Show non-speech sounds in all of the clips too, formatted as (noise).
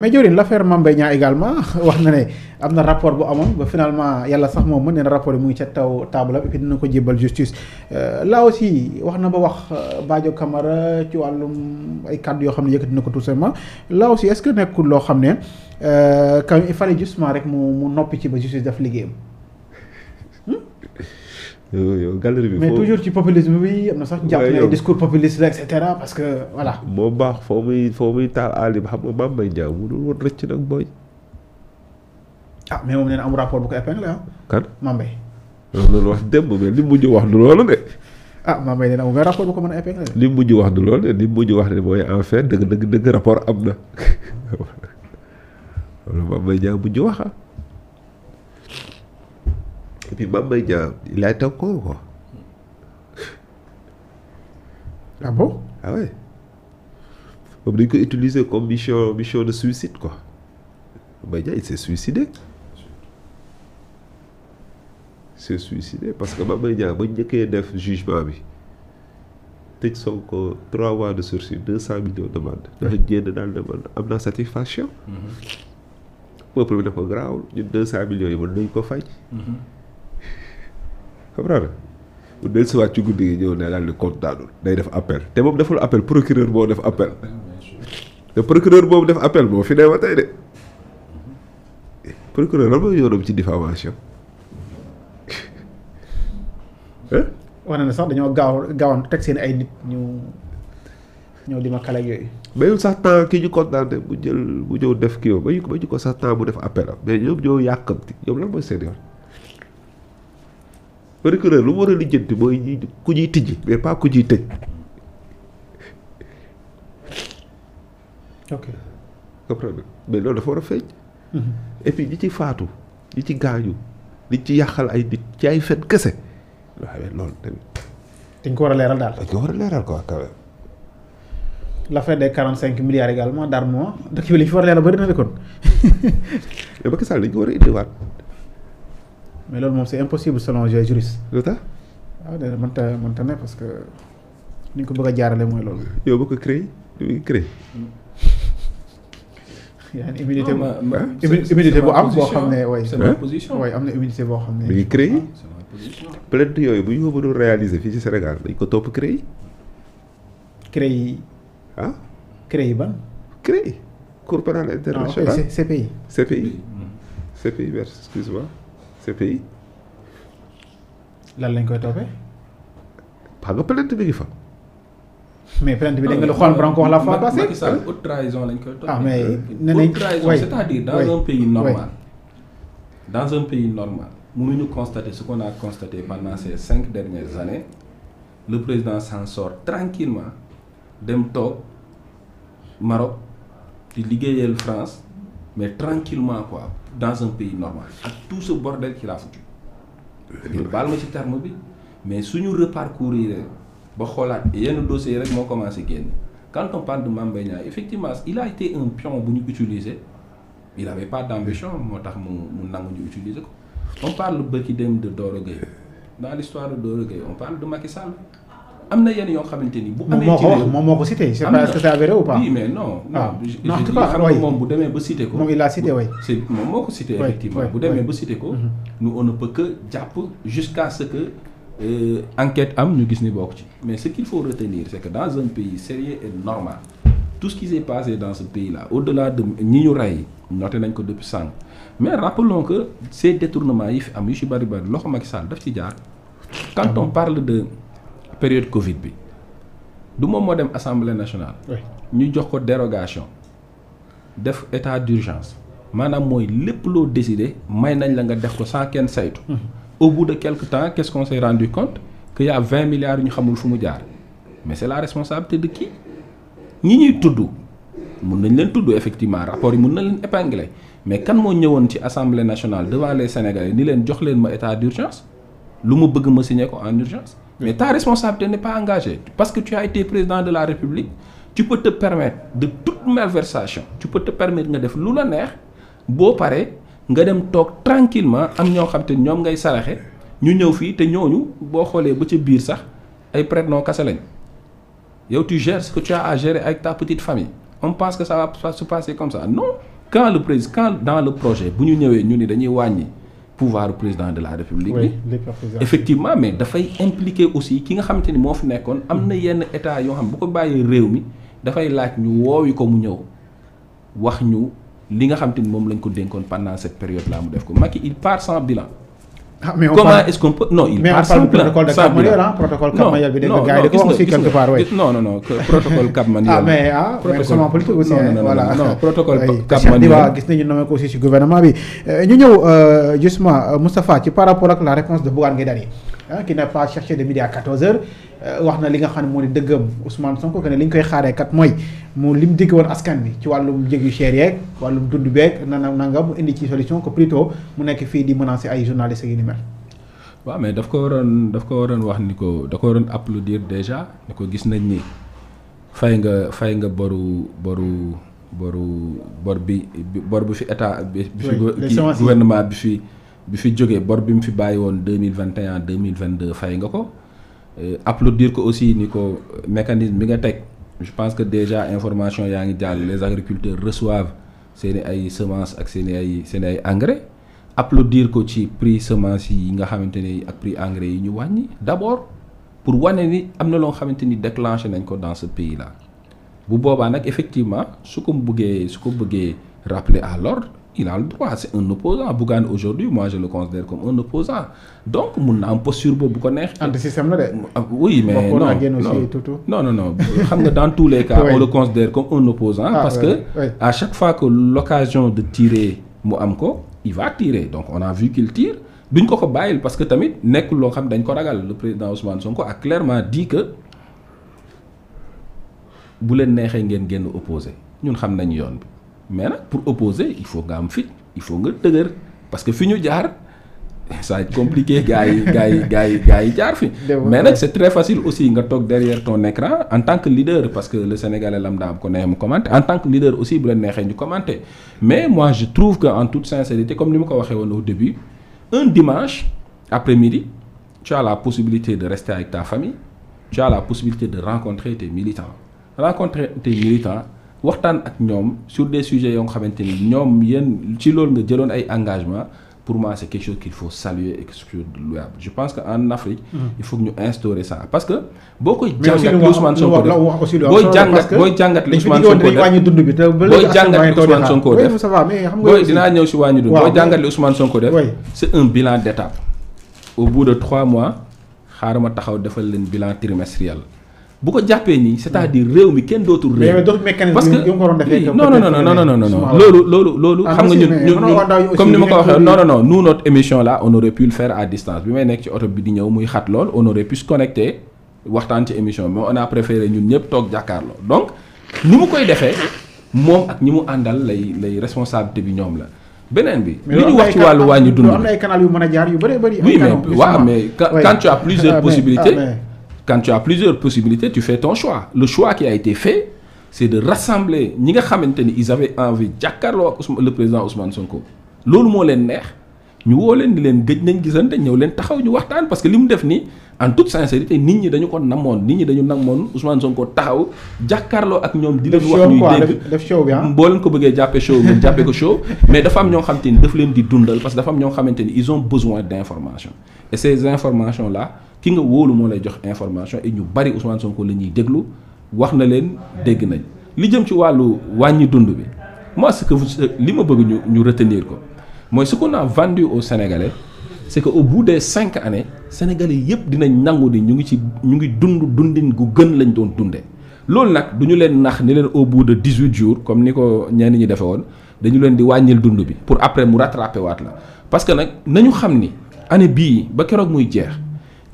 mais Diorin l'affaire Mame Mbaye Niang également wax na ne am na rapport bu amoon ba finalement yàlla sax moo mën nee na rapport yi mu ngi ca taw table et dina ko jébbal justice euh, là aussi wax na ba wax euh, baajo Camara ci wàllum ay kàddu yoo xam ne yëkkati dina ko tout simplement là aussi est-ce que nekkul loo xam ne euh, quand il fallait justement rek mu mu noppi ci ba justice daf liggéeyam. yow euh, euh, galerie bi. mais toujours ci populisme bi am na sax. jàpp na ay discours populiste la et parce que voilà. moo baax foo muy foo muy taal alim xam nga Mame Mbaye Niang mu dul woon rëcc nag booy. Ah, rapport bu ah. loolu wax démb mais li mujj wax du loolu de. ah Mame Mbaye nee na amul rapport bu ko mën a épinglé. li mujj wax du loolu de li mujj wax ne mooy en fait dëgg dëgg dëgg rapport am na (laughs) loolu Mame Mbaye Niang wax ah. et puis Mame Mbaye Niang il a été un bon. ah ouais moom dañ ko utiliser comme mission mission de suicide quoi Mame Mbaye Niang il s'est suicidé. s'est suicidé parce que ba Mbaye Niang ba njëkkee def jugement bi tëj Sonko trois mois de sursis deux cent millions de mandat dafa génn daal ne man am naa satisfaction. peuple bi ne ko garaawul ñun deux cent millions yi mën nañ ko fay. comprendre bu del siwaat ci guddi gi ñëw ne daal di kontaanul day def appel te moom deful appel procureur boo def appel te procureur boobu def appel moo fi dee ba tey de eh, procureur lan mooy ci diffamation (laughs) wax na ne dañoo gaaw gaawoon teg seen ay nit ñu di ma kale ak yooyu mayul sax temps ki ñu condamné mu jël mu jëw def kii yow ba ñu ko sax temps bu def appel am mais ñoom ñoo yàkkamti ñoom lan mooy seen yoon procureur lu mu war a lijjanti mooy ku ñuy tijji mais pas ku ñuy tëj. mais loolu dafa war a feeñ. Mm-hmm. et puis ci faatu ñi ci gaañu li ci yàqal ay nit ci ay fet kese waaye loolu tamit. ko war a leeral daal. dañ ko war a leeral quoi quand même. l'affaire des quarante cinq milliards également d'armes dëkk bi li fi war a leeral bëri na de kon. (laughs) mais Macky Sall dañ ko war a indiwaat. mais loolu moom c'est impossible selon les juristes. lu tax waaw nee na mënta mënta ne parce que ni ñu ko bëgg a jaarale mooy loolu. yow bëgg ko créé dañuy créé. (laughs) a une immunité bu am boo xam ne way way am na immunité boo xam ne. dañuy créé ah, plainte yooyu bu ñu ko mënul réaliser fii ci Sénégal dañ ko topp créé. CREI yi. ah CREI yi ban. CREI Cour pénale internationale ah ok CPI. CPI CPI vers excuse-moi. ce pays. lan lañ koy toppee. parce que plainte bi ngi mais plainte bi da nga lu Juan Branco wax la fois passée. Macky Sall trahison lañ koy toppee. ah mais nee nañ haute trahison c'est-à-dire dans un pays normal. dans un pays normal mënuñu constater ce qu'on a constaté pendant ces cinq dernières années le président s'en sort tranquillement dem toog Maroc di liggéeyal France mais tranquillement quoi dans un pays normal ak tout ce bordel qu'il a foutu ma ci terme bi mais suñu reparcourir ba xoolaat yenn dossiers rek moo commencé génn quand on parle de Mame effectivement il a été un pion bu ñu utiliser il avait pas d'ambition moo tax mu mu nangu ñu utiliser ko on parle bërki dem de Doro Gueye dans l'histoire de Doro Gueye on parle de Macky Sall am na yenn yoo xamante ni bu amee ci réew moom moo ko cité ah, je sais moom bu demee ba cité ko moom il a cité way effectivement bu demee ba cité ko mhm. nous on ne peut que jàpp jusqu'à ce que euh, am ñu gis ni bokk ci mais ce qu'il faut retenir c'est que dans un pays sérieux et normal tout ce qui s'est passé dans ce pays là au-delà de ñi ñu rey noté nañ ko depuis sànq mais rappelons que ces détournements yi fi am yu ci bari bari loxo Macky Sall daf ci jaar quand ah on parle de période Covid bi du moom moo dem assemblée nationale. ñu jox ko dérogation def état d'urgence maanaam mooy lépp loo décidé may nañ la nga def ko sans kenn saytu. Mhm. au bout de quelque temps qu'est-ce qu'on s'est compte que y vingt milliards ñu xamul fu mu jaar mais c'est la responsabilité de qui ñi ñuy tudd mun nañ leen tudd effectivement rapport yi mun nañ leen épingler mais kan moo ñëwoon ci assemblée nationale devant les sénégalais ni leen jox leen ma état d'urgence lu ma bëgg ma signer ko en urgence. mais ta responsabilité n'est pas engagée parce que tu as été président de la République tu peux te de toute malversation tu peux te permettre nga def lu la neex boo paree nga dem toog tranquillement am ñoo xam te ñoom ngay saraxe ñu ñëw fii te ñooñu boo xoolee ba ca biir sax ay prête-noms kase lañ yow tu gères ce que tu as à gérer avec ta famille on pense que ça va se passer comme ça non quand le président quand dans le projet bu ñu ñëwee ñu ni dañuy wàññi pouvoir président de la république bi effectivement mais dafay impliquer aussi ki nga xamante ni moo fi nekkoon am na yenn état yoo xam bu ko bàyyee réew mi dafay laaj ñu woowi ko mu ñëw wax ñu li nga xamante ni moom lañ ko dénkoon pendant cette période là mu def ko Macky il part san bilan ah mais comment parle... est-ce qu'on peut non il mais part sans de Cap Manuel ah protocole Cap Manuel bi dégg nga gars yi da ko wax aussi quelque non non (laughs) Cap Manuel ah mais ah mais seulement politique aussi voilà non protocole Cap Manuel waaw gis nañu nommé ko aussi ci gouvernement bi euh, ñu ñëw euh, justement euh, Moustapha ci par rapport ak la réponse de Bougane Gueye Dany ki ah, n'a pas cherché de midi à heures euh, wax na li nga xam ne moo di dëggam Ousmane Sonko que ne li ñu koy xaaree kat mooy moo lim dikk woon askan bi ci wàllum njëg yu cher yeeg wàllum dund beeg nana nanga mu indi ci solution que plutôt mu nekk fii di menacer ay journalistes yu ni mel. waaw mais daf ko waroon daf ko waroon wax ni ko da ko waroon applaudir déjà ni ko gis nañ ni fay nga fay nga boru boru boru bor bi bor bu fi état bi fi gouvernement bi fi. bi fi jógee bor bi mu fi bàyyi woon deux mille vingt et de deux mille vingt deux fay nga ko euh, applaudir ko aussi ni ko mécanisme bi nga teg je pense que déjà information yaa ngi jàll les agriculteurs reçoivent seeni ay semences ak seeni ay seeni ay engrais applaudir ko ci prix semence yi nga xamante ni ak prix engrais yi ñu wàññi d'abord pour wane ni am na loo xamante ni déclenché nañ ko dans ce pays là bu boobaa nag effectivement su ko bëggee su ko bëggee rappeler à l'ordre il a le droit c'est un opposant Bougane aujourd'hui moi je le considère comme un opposant donc mun na am posture boobu bu ko neex. anti-système la de. oui mais non non non non xam nga dans tous les cas. (laughs) on le considère comme un opposant ah, parce que à chaque fois que l'occasion de tirer mu am ko il va tirer donc on a vu qu'il tire duñ ko ko bàyyil parce que tamit nekkul loo xam dañ ko ragal le président Ousmane Sonko a clairement dit que bu leen neexee ngeen génn opposé ñun xam nañu yoon bi. mais nag pour opposer il faut nga am fit il faut nga dëgër parce que fi ñu jaar saa va gaa compliqué gars yi gars yi gars yi gars yi jaar fi mais nag c'est très facile aussi nga toog derrière ton écran en tant que leader parce que le sénégalais lambda bu ko neexee mu commenter en tant que leader aussi bu leen neexee ñu commenter mais moi je trouve que en toute sincérité comme ni ma ko waxee woon au début un dimanche après-midi tu as la possibilité de rester avec ta famille tu possibilité de rencontrer tes militants rencontrer tes waxtaan ak ñoom sur des sujets yoo nga xamante ni ñoom yéen ci loolu nga jëloon ay engagement pour ma c'est quelque chose qu'il faut saluer et quelque chose de je pense que en Afrique. Mm. il faut que ñu instaurer ça parce que. boo koy jàngat li Ousmane Sonko def booy jàngat booy jàngat li Ousmane Sonko def booy jàngat li Ousmane Sonko def booy dinaa ñëw si wàññi dund. booy jàngat li Ousmane Sonko def. c'est un bilan d'étape. au bout trois mois xaar ma taxaw defal leen bilan trimestriel. bu ko jàppee nii c'est-à-dire mm. réew mi kenn dootul réew. parce que non non non non non non loolu loolu loolu. Ah, xam nga ñun ñun comme ni ma ko waxee non non non nous notre émission là on aurait pu le faire à distance bi may nekk ci oto bi di ñëw muy xat lool on aurait pu se connecter waxtaan ci émission bi mais on a préféré ñun ñëpp toog jàkkaarloo donc ni mu koy defee moom ak ñi mu àndal lay lay responsabilité bi ñoom la. beneen bi li ñu wax ci wàllu wàññi dund. am na ay canal yu mën a jaar yu bëree bëri. oui mais waaw mais quand tu as plusieurs ah, ah, possibilités. quand tu as plusieurs possibilités tu fais ton choix le choix qui a été fait c'est de rassembler ñi nga xamante ni ils avaient envie jàkkaarloo ak Ousmane le président Ousmane Sonko loolu moo leen neex ñu woo leen di leen gëj nañ gisante ñëw leen taxaw ñu waxtaan parce que li mu def nii en toute sincérité nit ñi dañu ko namoon nit ñi dañu namoon Ousmane Sonko taxaw jàkkaarloo ak ñoom. di leen wax ñuy dégg def bi ah. boo leen ko bëggee jàppee show bi jàppee ko show. (laughs) mais dafa am ñoo xamante ni daf leen di dundal parce que dafa am ñoo xamante ni ils ont besoin d' information et ces informations là ki nga wóolu moo lay jox information et ñu bari Ousmane Sonko la ñuy déglu wax na leen dégg nañ li jëm ci wàllu wàññi dund bi moi ce que li ma bëgg ñu ñu retenir ko mooy ce qu'on a vendu aux Sénégalais. c'est que au bout de cinq années sénégalais yëpp dinañ nangu ni ñu ngi ci ñu ngi dund dundin gu gën lañ doon dundee. loolu nag du ñu leen nax ni leen au bout de dix huit jours comme ni ko ñenn ñi defee woon dañu leen di wàññil dund bi pour après mu rattrapé waat la parce que nag nañu xam ni année bii ba keroog muy jeex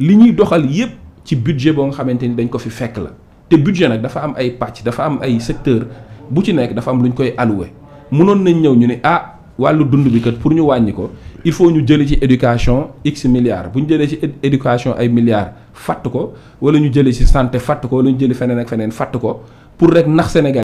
li ñuy doxal yëpp ci budget boo nga xamante ni dañ ko fi fekk la te budget nag dafa am ay pàcc dafa am ay secteur bu ci nekk dafa am lu ñu koy alloué mënoon nañ ñëw ñu ne ah wàllu dund bi kat pour ñu wàññi ko il faut ñu jëlee ci éducation x milliards bu ñu jëlee ci éducation ay milliards fàtt ko wala ñu jëlee ci santé fatt ko wala ñu jëlee feneen ak feneen fàtt ko pour rek nax Sénégal.